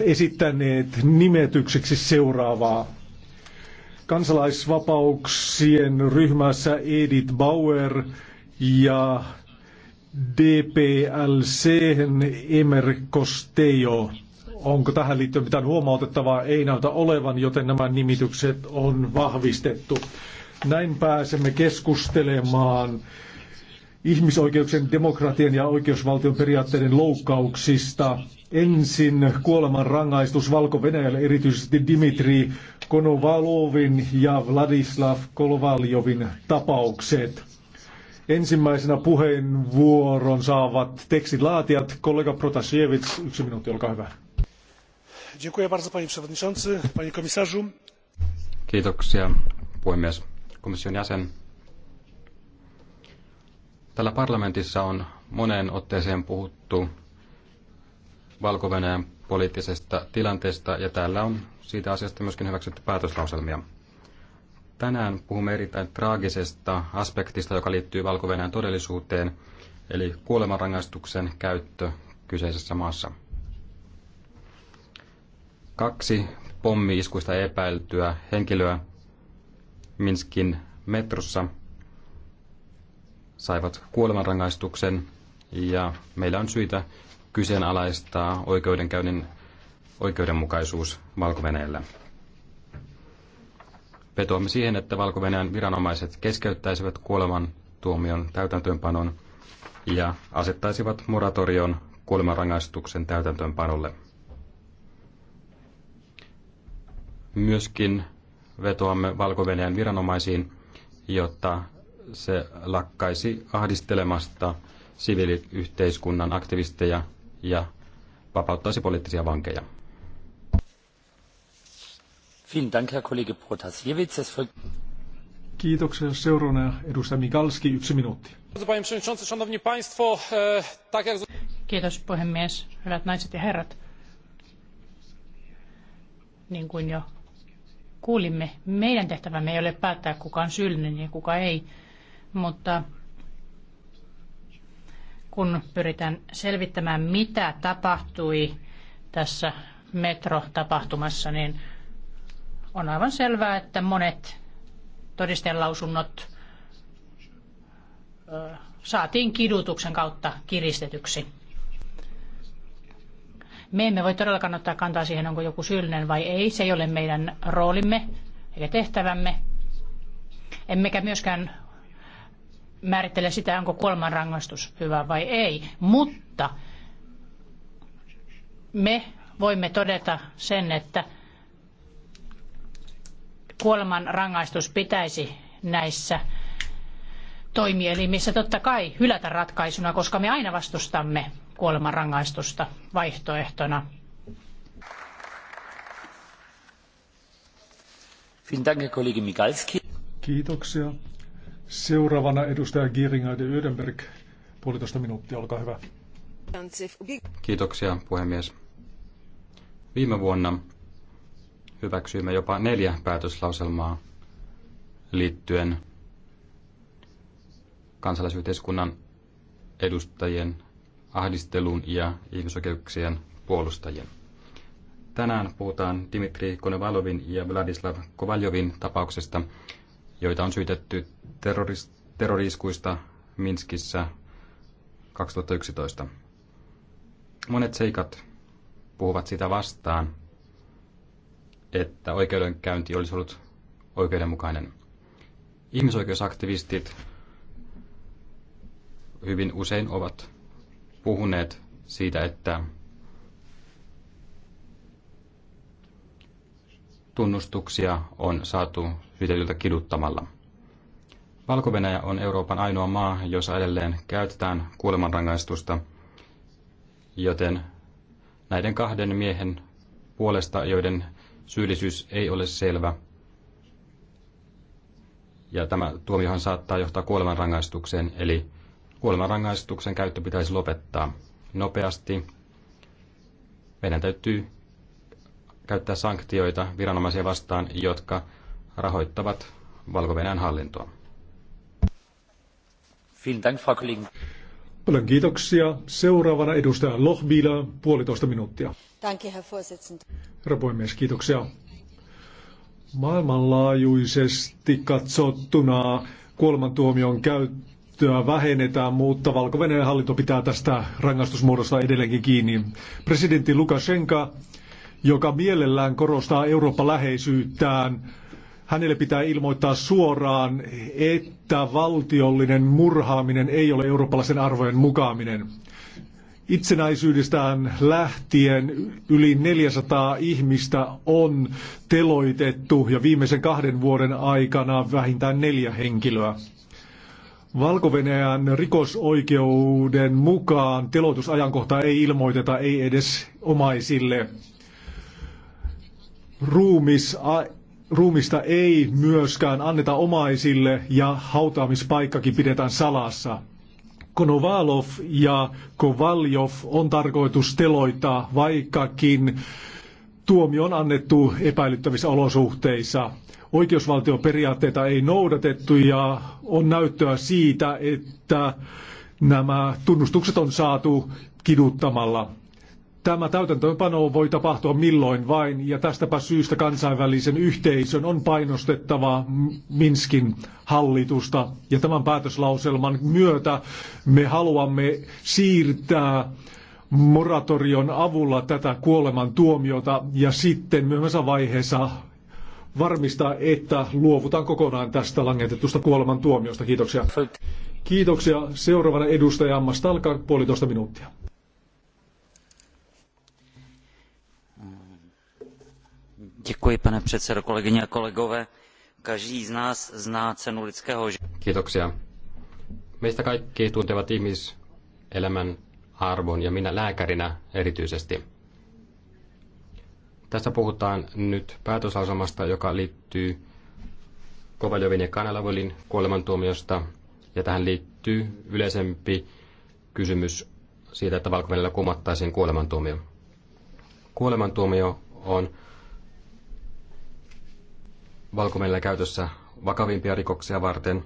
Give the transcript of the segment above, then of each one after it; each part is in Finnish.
esittäneet nimetykseksi seuraavaa. Kansalaisvapauksien ryhmässä Edith Bauer ja DPLC Emer Costello. Onko tähän liittyen mitään huomautettavaa? Ei näytä olevan, joten nämä nimitykset on vahvistettu. Näin pääsemme keskustelemaan ihmisoikeuksien, demokratian ja oikeusvaltion periaatteiden loukkauksista. Ensin kuoleman rangaistus valko erityisesti Dimitri Konovalovin ja Vladislav Kolovaljovin tapaukset. Ensimmäisenä puheenvuoron saavat laatijat. Kollega Protasiewicz, yksi minuutti, olkaa hyvä. Dziękuję bardzo, panie przewodniczący, panie komisarzu. Kiitoksia, puhemies, komission jäsen. Tällä parlamentissa on moneen otteeseen puhuttu valko poliittisesta tilanteesta ja täällä on siitä asiasta myöskin hyväksytty päätöslauselmia. Tänään puhumme erittäin traagisesta aspektista, joka liittyy valko todellisuuteen, eli kuolemanrangaistuksen käyttö kyseisessä maassa. Kaksi pommi-iskuista epäiltyä henkilöä Minskin metrossa – saivat kuolemanrangaistuksen ja meillä on syitä kyseenalaistaa oikeudenkäynnin oikeudenmukaisuus valko -Venäjällä. Vetoamme siihen, että valko viranomaiset keskeyttäisivät kuoleman tuomion täytäntöönpanon ja asettaisivat moratorion kuolemanrangaistuksen täytäntöönpanolle. Myöskin vetoamme valko viranomaisiin, jotta se lakkaisi ahdistelemasta siviiliyhteiskunnan aktivisteja ja vapauttaisi poliittisia vankeja. Kiitoksia. Seuraavana edustaja Mikalski, yksi minuutti. E, Kiitos puhemies, hyvät naiset ja herrat. Niin kuin jo kuulimme, meidän tehtävämme ei ole päättää kuka on syyllinen ja kuka ei mutta kun pyritään selvittämään, mitä tapahtui tässä metrotapahtumassa, niin on aivan selvää, että monet todistellausunnot saatiin kidutuksen kautta kiristetyksi. Me emme voi todellakaan ottaa kantaa siihen, onko joku syyllinen vai ei. Se ei ole meidän roolimme eikä tehtävämme. Emmekä myöskään määrittele sitä, onko kuolemanrangaistus hyvä vai ei, mutta me voimme todeta sen, että kuolemanrangaistus pitäisi näissä toimielimissä totta kai hylätä ratkaisuna, koska me aina vastustamme kuolemanrangaistusta vaihtoehtona. Kiitoksia. Seuraavana edustaja Giringa de Ydenberg, puolitoista minuuttia, olkaa hyvä. Kiitoksia puhemies. Viime vuonna hyväksyimme jopa neljä päätöslauselmaa liittyen kansalaisyhteiskunnan edustajien ahdisteluun ja ihmisoikeuksien puolustajien. Tänään puhutaan Dimitri Konevalovin ja Vladislav Kovaljovin tapauksesta, joita on syytetty terroris- terroriskuista Minskissä 2011. Monet seikat puhuvat sitä vastaan, että oikeudenkäynti olisi ollut oikeudenmukainen. Ihmisoikeusaktivistit hyvin usein ovat puhuneet siitä, että tunnustuksia on saatu syytetyltä kiduttamalla. valko on Euroopan ainoa maa, jossa edelleen käytetään kuolemanrangaistusta, joten näiden kahden miehen puolesta, joiden syyllisyys ei ole selvä, ja tämä tuomiohan saattaa johtaa kuolemanrangaistukseen, eli kuolemanrangaistuksen käyttö pitäisi lopettaa nopeasti. Meidän täytyy käyttää sanktioita viranomaisia vastaan, jotka rahoittavat valko hallintoa. Paljon kiitoksia. Seuraavana edustaja Lohbila, puolitoista minuuttia. Danke, Herr Herra puhemies, kiitoksia. Maailmanlaajuisesti katsottuna kuolemantuomion käyttöä vähennetään, mutta valko hallinto pitää tästä rangaistusmuodosta edelleenkin kiinni. Presidentti Lukashenka joka mielellään korostaa Eurooppa-läheisyyttään, hänelle pitää ilmoittaa suoraan, että valtiollinen murhaaminen ei ole eurooppalaisen arvojen mukaaminen. Itsenäisyydestään lähtien yli 400 ihmistä on teloitettu ja viimeisen kahden vuoden aikana vähintään neljä henkilöä. valko rikosoikeuden mukaan teloitusajankohtaa ei ilmoiteta, ei edes omaisille ruumis, ruumista ei myöskään anneta omaisille ja hautaamispaikkakin pidetään salassa. Konovalov ja Kovaljov on tarkoitus teloittaa, vaikkakin tuomio on annettu epäilyttävissä olosuhteissa. Oikeusvaltioperiaatteita ei noudatettu ja on näyttöä siitä, että nämä tunnustukset on saatu kiduttamalla. Tämä täytäntöönpano voi tapahtua milloin vain, ja tästäpä syystä kansainvälisen yhteisön on painostettava Minskin hallitusta. Ja tämän päätöslauselman myötä me haluamme siirtää moratorion avulla tätä kuoleman tuomiota ja sitten myöhemmässä vaiheessa varmistaa, että luovutaan kokonaan tästä langetetusta kuoleman tuomiosta. Kiitoksia. Kiitoksia. Seuraavana edustaja Ammas puolitoista minuuttia. pane předsedo, Každý z nás zná cenu lidského Kiitoksia. Meistä kaikki tuntevat ihmiselämän arvon ja minä lääkärinä erityisesti. Tässä puhutaan nyt päätöslausamasta, joka liittyy Kovaljovin ja kanelavolin kuolemantuomiosta. Ja tähän liittyy yleisempi kysymys siitä, että valko kumottaisiin kuolemantuomio. Kuolemantuomio on valko käytössä vakavimpia rikoksia varten.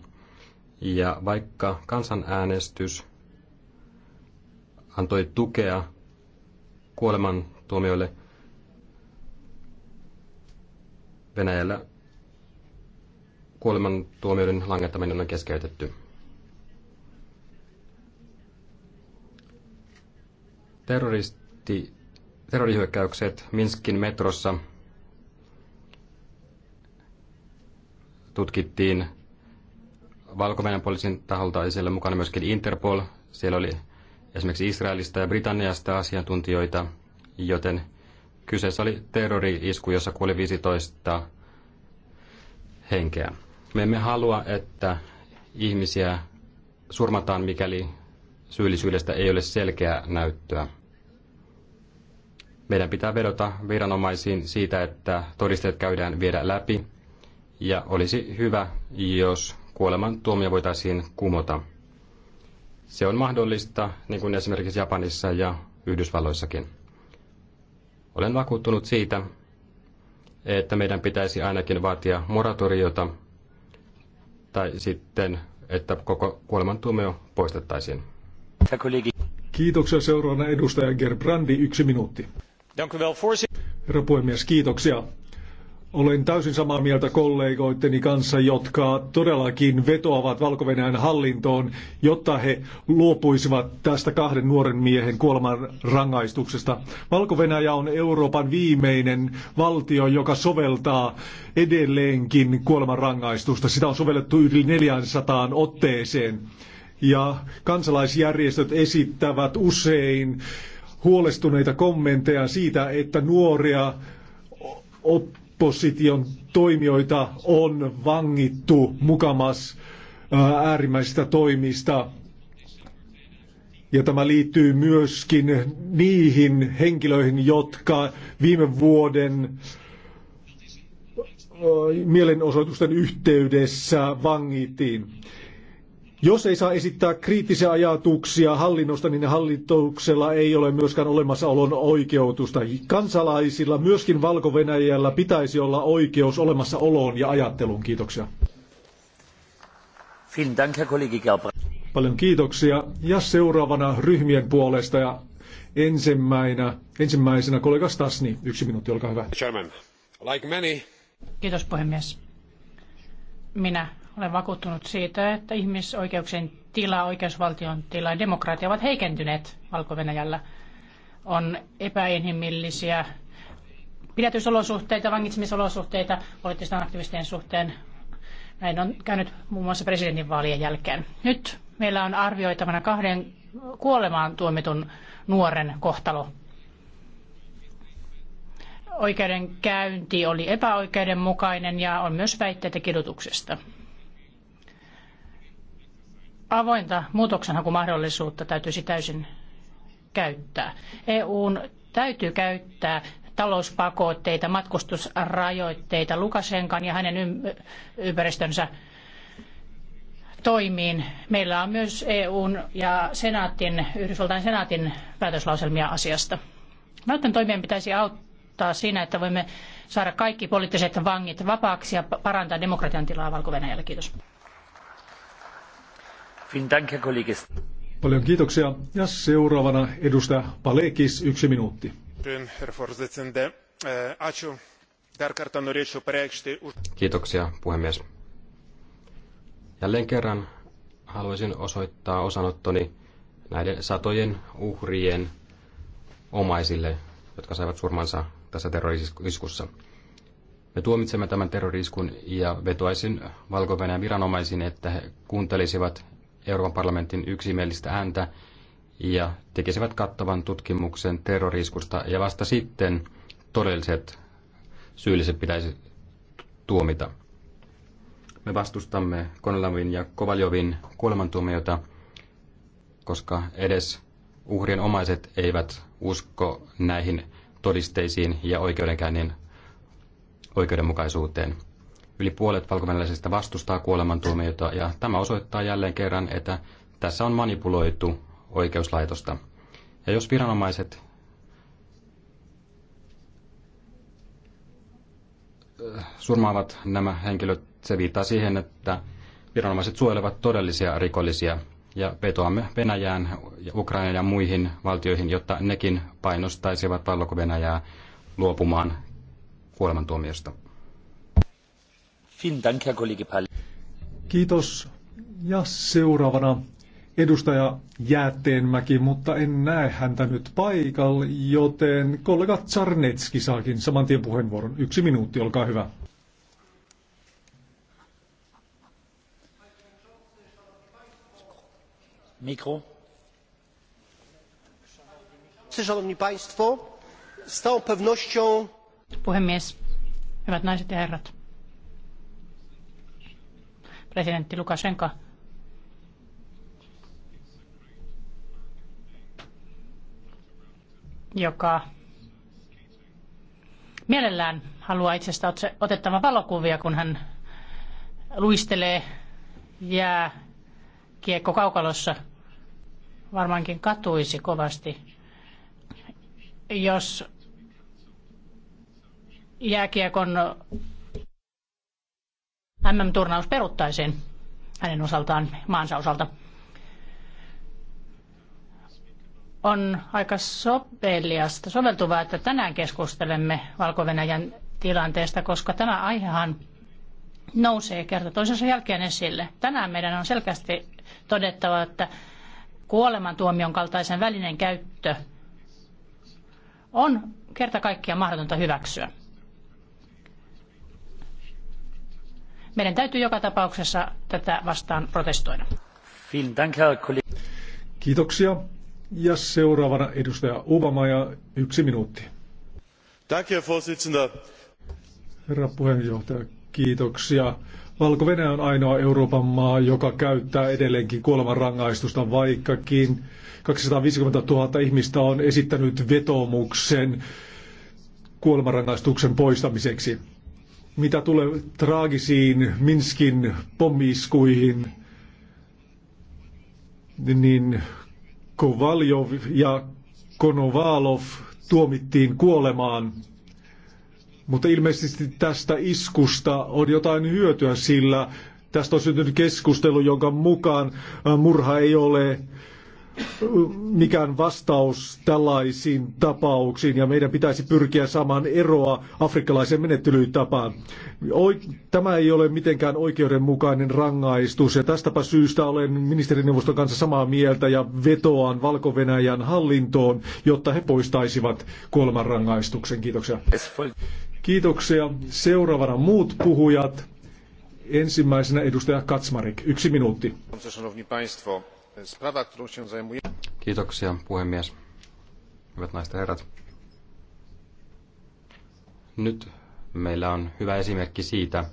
Ja vaikka kansanäänestys antoi tukea tuomioille Venäjällä, tuomioiden langettaminen on keskeytetty. Terroristi, terrorihyökkäykset Minskin metrossa tutkittiin valko poliisin taholta ja siellä mukana myöskin Interpol. Siellä oli esimerkiksi Israelista ja Britanniasta asiantuntijoita, joten kyseessä oli terrori-isku, jossa kuoli 15 henkeä. Me emme halua, että ihmisiä surmataan, mikäli syyllisyydestä ei ole selkeää näyttöä. Meidän pitää vedota viranomaisiin siitä, että todisteet käydään viedä läpi ja olisi hyvä, jos kuolemantuomio voitaisiin kumota. Se on mahdollista, niin kuin esimerkiksi Japanissa ja Yhdysvalloissakin. Olen vakuuttunut siitä, että meidän pitäisi ainakin vaatia moratoriota tai sitten, että koko kuolemantuomio poistettaisiin. Kiitoksia seuraavana edustaja Gerbrandi, yksi minuutti. Herra puhemies, kiitoksia. Olen täysin samaa mieltä kollegoitteni kanssa, jotka todellakin vetoavat valko hallintoon, jotta he luopuisivat tästä kahden nuoren miehen kuoleman rangaistuksesta. valko on Euroopan viimeinen valtio, joka soveltaa edelleenkin kuoleman rangaistusta. Sitä on sovellettu yli 400 otteeseen. Ja kansalaisjärjestöt esittävät usein huolestuneita kommentteja siitä, että nuoria op- opposition toimijoita on vangittu mukamas äärimmäisistä toimista. Ja tämä liittyy myöskin niihin henkilöihin, jotka viime vuoden mielenosoitusten yhteydessä vangittiin. Jos ei saa esittää kriittisiä ajatuksia hallinnosta, niin hallituksella ei ole myöskään olemassaolon oikeutusta. Kansalaisilla, myöskin valko pitäisi olla oikeus olemassaoloon ja ajatteluun. Kiitoksia. Paljon kiitoksia. Ja seuraavana ryhmien puolesta ja ensimmäisenä, ensimmäisenä kollega Stasni. Yksi minuutti, olkaa hyvä. like many... Kiitos puhemies. Minä olen vakuuttunut siitä, että ihmisoikeuksien tila, oikeusvaltion tila ja demokratia ovat heikentyneet valko -Venäjällä. On epäinhimillisiä pidätysolosuhteita, vangitsemisolosuhteita poliittisten aktivistien suhteen. Näin on käynyt muun muassa presidentinvaalien jälkeen. Nyt meillä on arvioitavana kahden kuolemaan tuomitun nuoren kohtalo. Oikeudenkäynti oli epäoikeudenmukainen ja on myös väitteitä kidutuksesta avointa muutoksenhakumahdollisuutta täytyisi täysin käyttää. EUn täytyy käyttää talouspakotteita, matkustusrajoitteita Lukashenkan ja hänen ympäristönsä toimiin. Meillä on myös EUn ja senaatin, Yhdysvaltain senaatin päätöslauselmia asiasta. Näiden toimien pitäisi auttaa siinä, että voimme saada kaikki poliittiset vangit vapaaksi ja parantaa demokratian tilaa Valko-Venäjällä. Kiitos. Paljon kiitoksia. Ja seuraavana edustaja Palekis, yksi minuutti. Kiitoksia, puhemies. Jälleen kerran haluaisin osoittaa osanottoni näiden satojen uhrien omaisille, jotka saivat surmansa tässä terroriskussa. Me tuomitsemme tämän terroriskun ja vetoaisin valko viranomaisiin, että he kuuntelisivat Euroopan parlamentin yksimielistä ääntä ja tekisivät kattavan tutkimuksen terroriskusta ja vasta sitten todelliset syylliset pitäisi tuomita. Me vastustamme Konelavin ja Kovaljovin kuolemantuomiota, koska edes uhrien omaiset eivät usko näihin todisteisiin ja oikeudenkäynnin oikeudenmukaisuuteen. Yli puolet valkovenäläisistä vastustaa kuolemantuomiota ja tämä osoittaa jälleen kerran, että tässä on manipuloitu oikeuslaitosta. Ja jos viranomaiset äh, surmaavat nämä henkilöt, se viittaa siihen, että viranomaiset suojelevat todellisia rikollisia. Ja vetoamme Venäjään, Ukrainaan ja muihin valtioihin, jotta nekin painostaisivat valko-Venäjää luopumaan kuolemantuomiosta. Kiitos. Ja seuraavana edustaja Jäätteenmäki, mutta en näe häntä nyt paikalla, joten kollega Czarnetski saakin saman tien puheenvuoron. Yksi minuutti, olkaa hyvä. Mikro. Szanowni Państwo, z całą Puhemies, hyvät naiset ja herrat presidentti Lukashenka joka mielellään haluaa itsestä otettava valokuvia, kun hän luistelee jää kiekko kaukalossa. Varmaankin katuisi kovasti, jos jääkiekon MM-turnaus peruttaisiin hänen osaltaan, maansa osalta. On aika sopeliasta, soveltuvaa, että tänään keskustelemme valko tilanteesta, koska tämä aihehan nousee kerta toisensa jälkeen esille. Tänään meidän on selkeästi todettava, että kuolemantuomion kaltaisen välinen käyttö on kerta kaikkiaan mahdotonta hyväksyä. Meidän täytyy joka tapauksessa tätä vastaan protestoida. Kiitoksia. Ja seuraavana edustaja Obama ja yksi minuutti. Herra puheenjohtaja, kiitoksia. valko on ainoa Euroopan maa, joka käyttää edelleenkin kuolemanrangaistusta, vaikkakin 250 000 ihmistä on esittänyt vetomuksen kuolemanrangaistuksen poistamiseksi mitä tulee traagisiin Minskin pommiiskuihin, niin Kovaljov ja Konovalov tuomittiin kuolemaan. Mutta ilmeisesti tästä iskusta on jotain hyötyä, sillä tästä on syntynyt keskustelu, jonka mukaan murha ei ole mikään vastaus tällaisiin tapauksiin ja meidän pitäisi pyrkiä saamaan eroa afrikkalaiseen menettelytapaan. Tämä ei ole mitenkään oikeudenmukainen rangaistus ja tästäpä syystä olen ministerineuvoston kanssa samaa mieltä ja vetoan valko hallintoon, jotta he poistaisivat kuolemanrangaistuksen. Kiitoksia. Kiitoksia. Seuraavana muut puhujat. Ensimmäisenä edustaja Katsmarik. Yksi minuutti. Sprawa, którą się zajmujemy... Kiitoksia, puhemies. Hyvät naiset ja herrat. Nyt meillä on hyvä esimerkki siitä,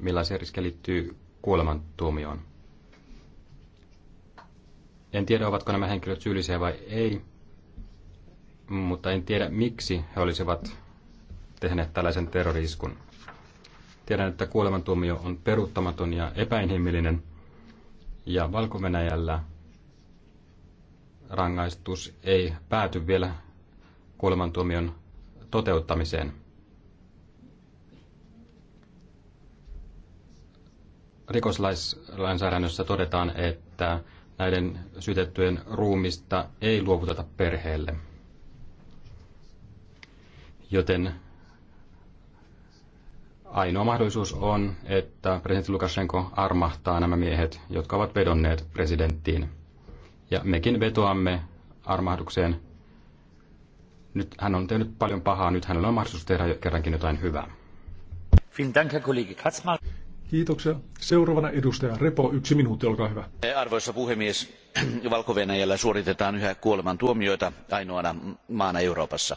millaisia riskejä liittyy kuolemantuomioon. En tiedä, ovatko nämä henkilöt syyllisiä vai ei, mutta en tiedä, miksi he olisivat tehneet tällaisen terroriskun. Tiedän, että kuolemantuomio on peruuttamaton ja epäinhimillinen, ja valko rangaistus ei pääty vielä kuolemantuomion toteuttamiseen. Rikoslainsäädännössä todetaan, että näiden syytettyjen ruumista ei luovuteta perheelle. Joten ainoa mahdollisuus on, että presidentti Lukashenko armahtaa nämä miehet, jotka ovat vedonneet presidenttiin. Ja mekin vetoamme armahdukseen. Nyt hän on tehnyt paljon pahaa, nyt hänellä on mahdollisuus tehdä kerrankin jotain hyvää. Kiitoksia. Seuraavana edustaja Repo, yksi minuutti, olkaa hyvä. Arvoisa puhemies, valko suoritetaan yhä kuolemantuomioita ainoana maana Euroopassa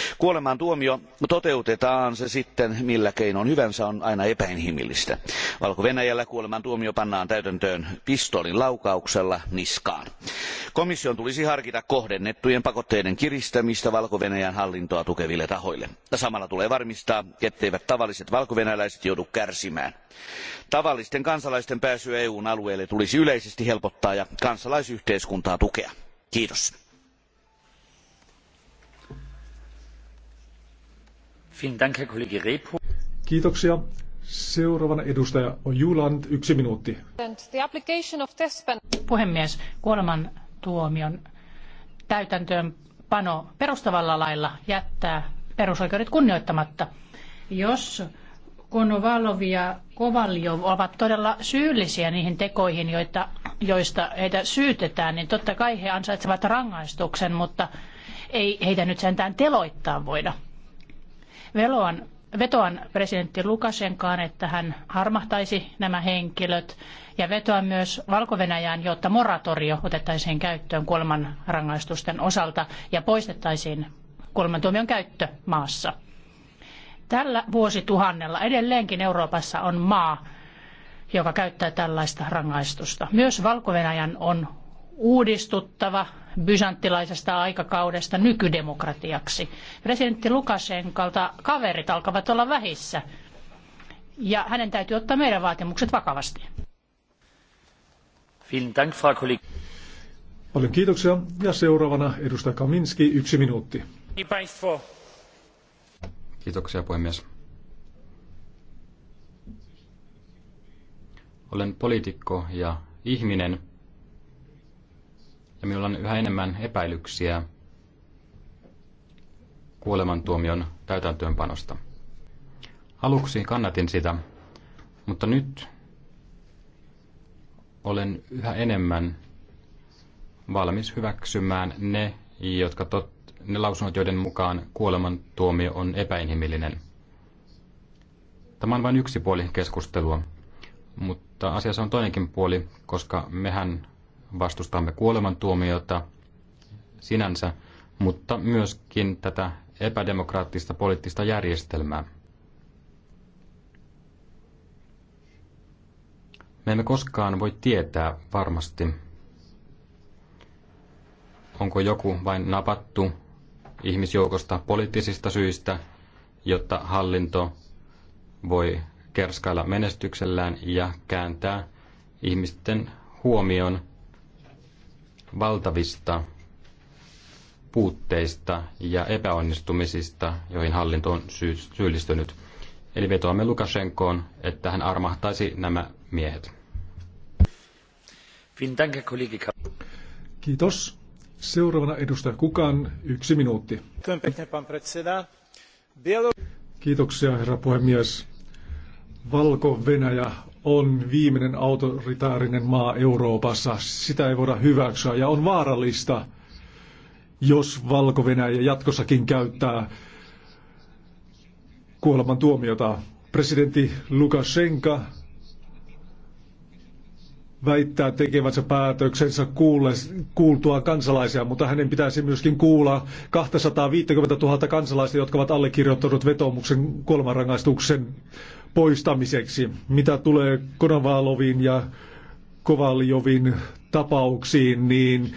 kuolemantuomio toteutetaan se sitten millä keinoin hyvänsä on aina epäinhimillistä. valko venäjällä kuolemantuomio pannaan täytäntöön pistoolin laukauksella niskaan. komission tulisi harkita kohdennettujen pakotteiden kiristämistä valko venäjän hallintoa tukeville tahoille. samalla tulee varmistaa etteivät tavalliset valkovenäläiset joudu kärsimään. tavallisten kansalaisten pääsyä eun alueelle tulisi yleisesti helpottaa ja kansalaisyhteiskuntaa tukea. kiitos. Kiitoksia. Seuraavana edustaja on Juland, yksi minuutti. Puhemies, kuoleman tuomion täytäntöönpano perustavalla lailla jättää perusoikeudet kunnioittamatta. Jos Konovalov ja Kovaljov ovat todella syyllisiä niihin tekoihin, joita, joista heitä syytetään, niin totta kai he ansaitsevat rangaistuksen, mutta ei heitä nyt sentään teloittaa voida. Veloan, vetoan presidentti Lukashenkaan, että hän harmahtaisi nämä henkilöt ja vetoan myös valko jotta moratorio otettaisiin käyttöön kuolemanrangaistusten rangaistusten osalta ja poistettaisiin kuolemantuomion käyttö maassa. Tällä vuosituhannella edelleenkin Euroopassa on maa, joka käyttää tällaista rangaistusta. Myös valko on uudistuttava byzanttilaisesta aikakaudesta nykydemokratiaksi. Presidentti Lukashenkalta kaverit alkavat olla vähissä ja hänen täytyy ottaa meidän vaatimukset vakavasti. Paljon kiitoksia. Ja seuraavana edustaja Kaminski, yksi minuutti. Kiitoksia puhemies. Olen poliitikko ja ihminen – ja minulla on yhä enemmän epäilyksiä kuolemantuomion täytäntöönpanosta. Aluksi kannatin sitä, mutta nyt olen yhä enemmän valmis hyväksymään ne, jotka tot, ne lausunnot, joiden mukaan kuolemantuomio on epäinhimillinen. Tämä on vain yksi puoli keskustelua, mutta asiassa on toinenkin puoli, koska mehän vastustamme kuolemantuomiota sinänsä, mutta myöskin tätä epädemokraattista poliittista järjestelmää. Me emme koskaan voi tietää varmasti, onko joku vain napattu ihmisjoukosta poliittisista syistä, jotta hallinto voi kerskailla menestyksellään ja kääntää ihmisten huomion valtavista puutteista ja epäonnistumisista, joihin hallinto on syyllistynyt. Eli vetoamme Lukashenkoon, että hän armahtaisi nämä miehet. Kiitos. Seuraavana edustaja Kukan, yksi minuutti. Kiitoksia, herra puhemies. Valko-Venäjä on viimeinen autoritaarinen maa Euroopassa. Sitä ei voida hyväksyä ja on vaarallista, jos valko jatkossakin käyttää kuoleman tuomiota. Presidentti Lukashenka väittää tekevänsä päätöksensä kuulle, kuultua kansalaisia, mutta hänen pitäisi myöskin kuulla 250 000 kansalaista, jotka ovat allekirjoittaneet vetomuksen kuolemanrangaistuksen poistamiseksi. Mitä tulee Konovalovin ja Kovaljovin tapauksiin, niin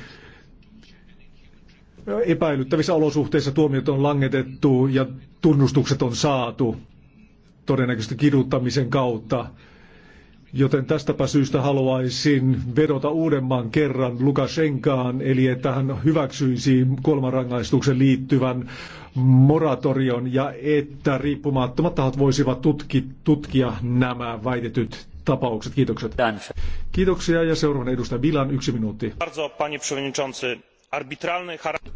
epäilyttävissä olosuhteissa tuomiot on langetettu ja tunnustukset on saatu todennäköisesti kiduttamisen kautta. Joten tästäpä syystä haluaisin vedota uudemman kerran Lukashenkaan, eli että hän hyväksyisi kuolemanrangaistuksen liittyvän moratorion ja että riippumattomat tahot voisivat tutki, tutkia nämä väitetyt tapaukset. Kiitokset. Kiitoksia ja seuraavan edustaja Vilan yksi minuutti.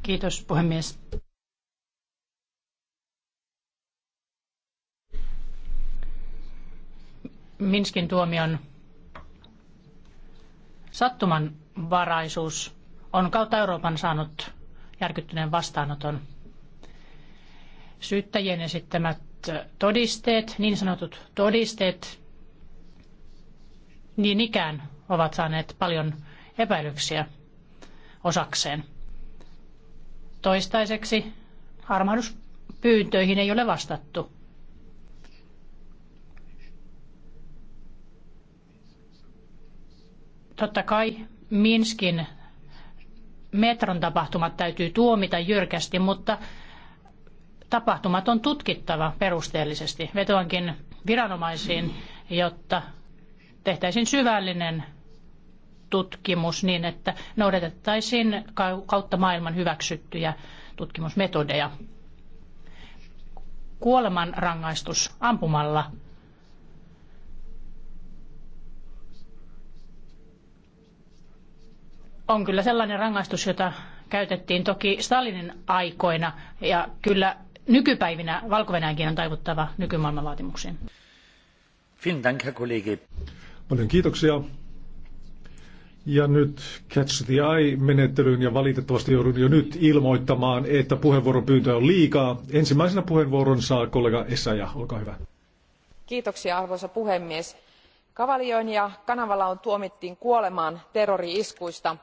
Kiitos puhemies. Minskin tuomion sattumanvaraisuus on kautta Euroopan saanut järkyttyneen vastaanoton. Syyttäjien esittämät todisteet, niin sanotut todisteet, niin ikään ovat saaneet paljon epäilyksiä osakseen. Toistaiseksi armahduspyyntöihin ei ole vastattu. Totta kai Minskin metron tapahtumat täytyy tuomita jyrkästi, mutta tapahtumat on tutkittava perusteellisesti. Vetoankin viranomaisiin, jotta tehtäisiin syvällinen tutkimus niin, että noudatettaisiin kautta maailman hyväksyttyjä tutkimusmetodeja. Kuolemanrangaistus ampumalla on kyllä sellainen rangaistus, jota käytettiin toki Stalinin aikoina ja kyllä nykypäivinä valko on taivuttava nykymaailman vaatimuksiin. Dank, Paljon kiitoksia. Ja nyt Catch the Eye-menettelyyn ja valitettavasti joudun jo nyt ilmoittamaan, että puheenvuoropyyntöjä on liikaa. Ensimmäisenä puheenvuoron saa kollega Essaja, olkaa hyvä. Kiitoksia arvoisa puhemies. Kavalioin ja kanavalla on tuomittiin kuolemaan terrori-iskuista –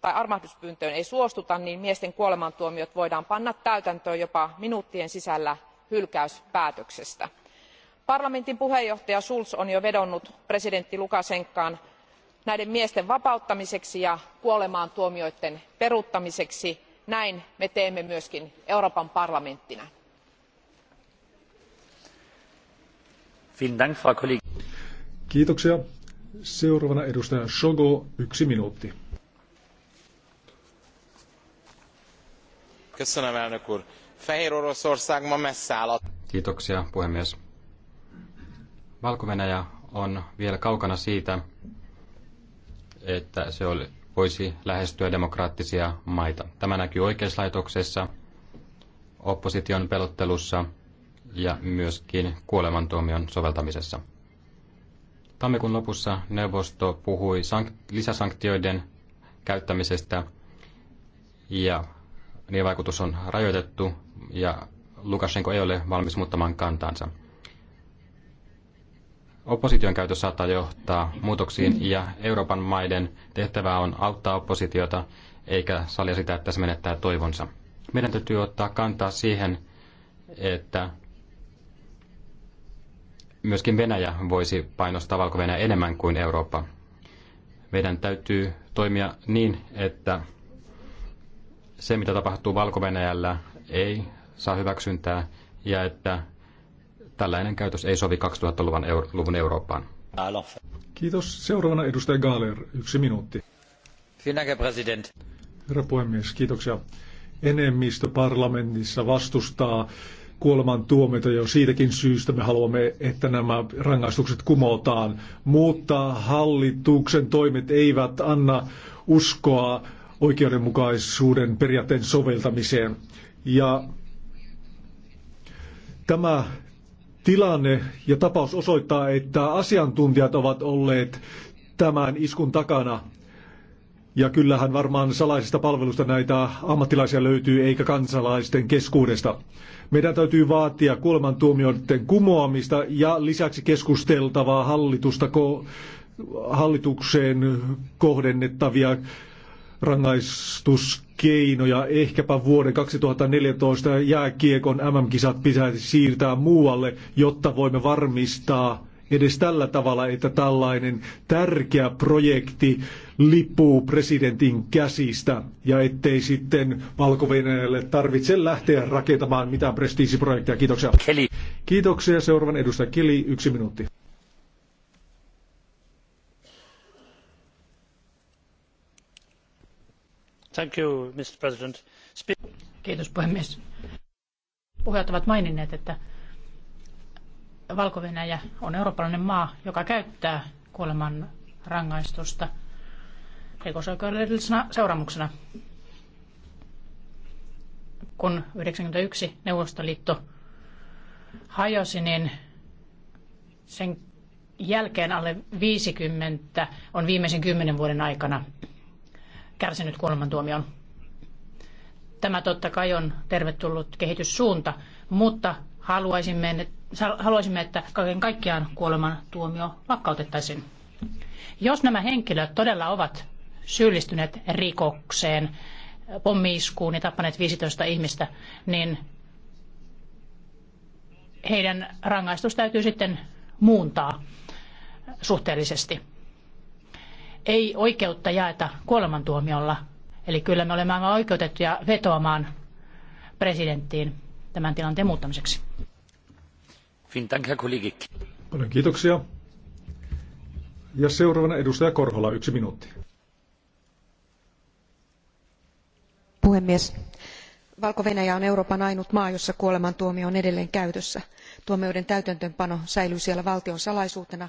tai armahduspyyntöön ei suostuta niin miesten kuolemantuomiot voidaan panna täytäntöön jopa minuuttien sisällä hylkäyspäätöksestä. parlamentin puheenjohtaja schulz on jo vedonnut presidentti lukaenkaan näiden miesten vapauttamiseksi ja kuolemantuomioiden peruuttamiseksi. näin me teemme myös euroopan parlamenttina. Kiitoksia. Seuraavana edustaja Shogo, yksi minuutti. Fehéroroszország ma messze áll. Kiitoksia, puhemies. valko on vielä kaukana siitä, että se voisi lähestyä demokraattisia maita. Tämä näkyy oikeuslaitoksessa, opposition pelottelussa ja myöskin kuolemantuomion soveltamisessa. Tammikuun lopussa neuvosto puhui lisäsanktioiden käyttämisestä ja niin vaikutus on rajoitettu ja Lukashenko ei ole valmis muuttamaan kantansa. Opposition käyttö saattaa johtaa muutoksiin ja Euroopan maiden tehtävä on auttaa oppositiota eikä salia sitä, että se menettää toivonsa. Meidän täytyy ottaa kantaa siihen, että myöskin Venäjä voisi painostaa valko enemmän kuin Eurooppa. Meidän täytyy toimia niin, että se, mitä tapahtuu valko ei saa hyväksyntää ja että tällainen käytös ei sovi 2000-luvun Euro- Eurooppaan. Kiitos. Seuraavana edustaja Gaaler, yksi minuutti. Herra puhemies, kiitoksia. Enemmistö parlamentissa vastustaa kuoleman tuomita jo siitäkin syystä me haluamme, että nämä rangaistukset kumotaan. Mutta hallituksen toimet eivät anna uskoa oikeudenmukaisuuden periaatteen soveltamiseen. Ja tämä tilanne ja tapaus osoittaa, että asiantuntijat ovat olleet tämän iskun takana. Ja kyllähän varmaan salaisista palveluista näitä ammattilaisia löytyy, eikä kansalaisten keskuudesta. Meidän täytyy vaatia kuolemantuomioiden kumoamista ja lisäksi keskusteltavaa hallitusta ko- hallitukseen kohdennettavia rangaistuskeinoja. Ehkäpä vuoden 2014 jääkiekon MM-kisat pitäisi siirtää muualle, jotta voimme varmistaa edes tällä tavalla, että tällainen tärkeä projekti lippuu presidentin käsistä ja ettei sitten valko tarvitse lähteä rakentamaan mitään prestiisiprojektia. Kiitoksia. Keli. Kiitoksia. Seuraavan edustaja Kili yksi minuutti. Kiitos puhemies. Puhujat ovat maininneet, että valko on eurooppalainen maa, joka käyttää kuolemanrangaistusta rangaistusta rikosoikeudellisena seuraamuksena. Kun 1991 Neuvostoliitto hajosi, niin sen jälkeen alle 50 on viimeisen kymmenen vuoden aikana – kärsinyt kuolemantuomion. Tämä totta kai on tervetullut kehityssuunta, mutta haluaisimme, haluaisimme että kaiken kaikkiaan kuolemantuomio lakkautettaisiin. Jos nämä henkilöt todella ovat syyllistyneet rikokseen, pommiiskuun ja tappaneet 15 ihmistä, niin heidän rangaistus täytyy sitten muuntaa suhteellisesti ei oikeutta jaeta kuolemantuomiolla. Eli kyllä me olemme aivan oikeutettuja vetoamaan presidenttiin tämän tilanteen muuttamiseksi. Paljon kiitoksia. Ja seuraavana edustaja Korhola, yksi minuutti. Puhemies, valko venäjä on euroopan ainut maa jossa kuolemantuomio on edelleen käytössä. tuomioiden täytäntöönpano säilyy siellä valtion salaisuutena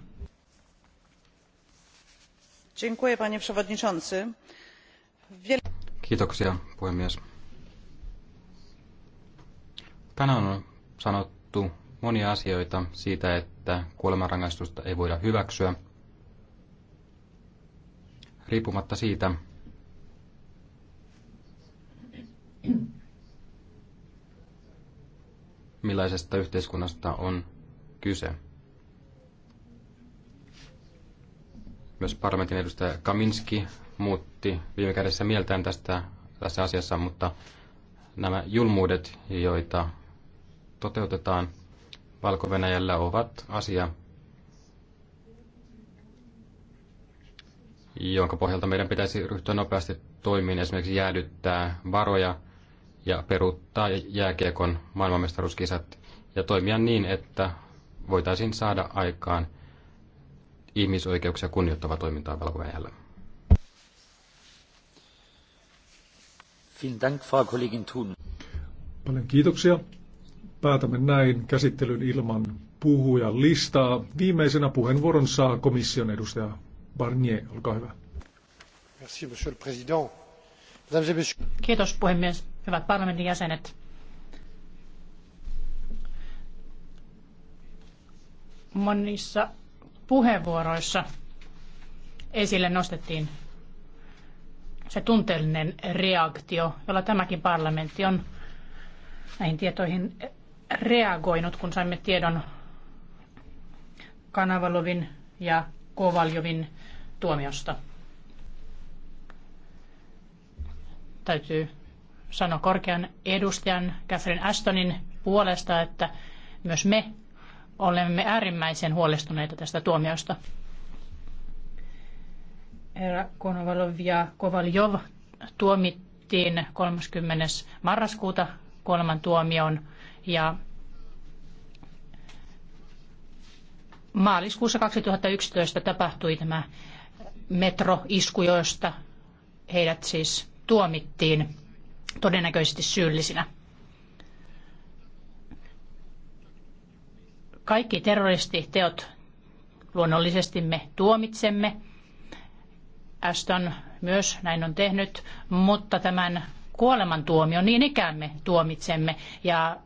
panie przewodniczący! Kiitoksia, puhemies. Tänään on sanottu monia asioita siitä, että kuolemanrangaistusta ei voida hyväksyä, riippumatta siitä, millaisesta yhteiskunnasta on kyse. Myös parlamentin edustaja Kaminski muutti viime kädessä mieltään tästä, tässä asiassa, mutta nämä julmuudet, joita toteutetaan valko ovat asia, jonka pohjalta meidän pitäisi ryhtyä nopeasti toimiin, esimerkiksi jäädyttää varoja ja peruuttaa jääkiekon maailmanmestaruuskisat ja toimia niin, että voitaisiin saada aikaan – ihmisoikeuksia kunnioittava toimintaa valko Paljon kiitoksia. Päätämme näin käsittelyn ilman puhujan listaa. Viimeisenä puheenvuoron saa komission edustaja Barnier. Olkaa hyvä. Kiitos puhemies. Hyvät parlamentin jäsenet. Monissa puheenvuoroissa esille nostettiin se tunteellinen reaktio, jolla tämäkin parlamentti on näihin tietoihin reagoinut, kun saimme tiedon Kanavalovin ja Kovaljovin tuomiosta. Täytyy sanoa korkean edustajan Catherine Ashtonin puolesta, että myös me olemme äärimmäisen huolestuneita tästä tuomiosta. Herra Konovalov ja Kovaljov tuomittiin 30. marraskuuta kolman tuomion ja maaliskuussa 2011 tapahtui tämä metroisku, joista heidät siis tuomittiin todennäköisesti syyllisinä. Kaikki terroristiteot luonnollisesti me tuomitsemme. Aston myös näin on tehnyt, mutta tämän kuolemantuomion niin ikään me tuomitsemme. Ja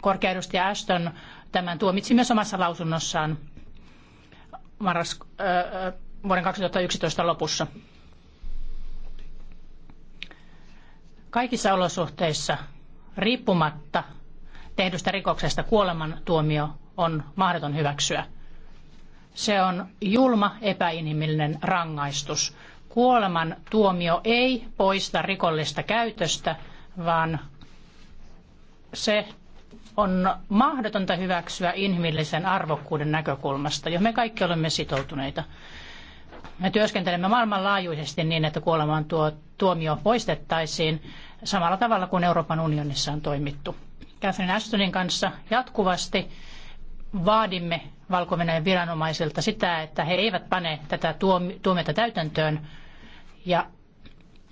korkea edustaja Aston tämän tuomitsi myös omassa lausunnossaan marras, äh, vuoden 2011 lopussa. Kaikissa olosuhteissa, riippumatta tehdystä rikoksesta, kuolemantuomio on mahdoton hyväksyä. Se on julma, epäinhimillinen rangaistus. Kuoleman tuomio ei poista rikollista käytöstä, vaan se on mahdotonta hyväksyä inhimillisen arvokkuuden näkökulmasta, johon me kaikki olemme sitoutuneita. Me työskentelemme maailmanlaajuisesti niin, että kuolemaan tuo tuomio poistettaisiin samalla tavalla kuin Euroopan unionissa on toimittu. Catherine Ashtonin kanssa jatkuvasti vaadimme valko viranomaisilta sitä, että he eivät pane tätä tuomiota täytäntöön ja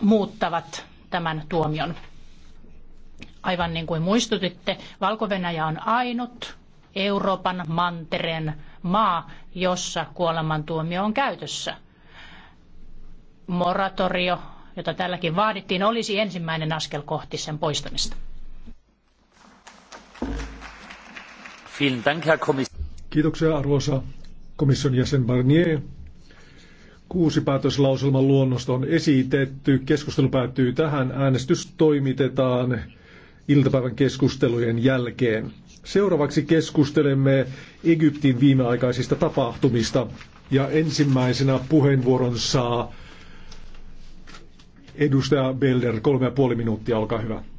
muuttavat tämän tuomion. Aivan niin kuin muistutitte, valko on ainut Euroopan mantereen maa, jossa kuolemantuomio on käytössä. Moratorio, jota tälläkin vaadittiin, olisi ensimmäinen askel kohti sen poistamista. Kiitoksia arvoisa komission jäsen Barnier. Kuusi päätöslauselman luonnosta on esitetty. Keskustelu päättyy tähän. Äänestys toimitetaan iltapäivän keskustelujen jälkeen. Seuraavaksi keskustelemme Egyptin viimeaikaisista tapahtumista. Ja ensimmäisenä puheenvuoron saa edustaja Belder. Kolme ja puoli minuuttia, olkaa hyvä.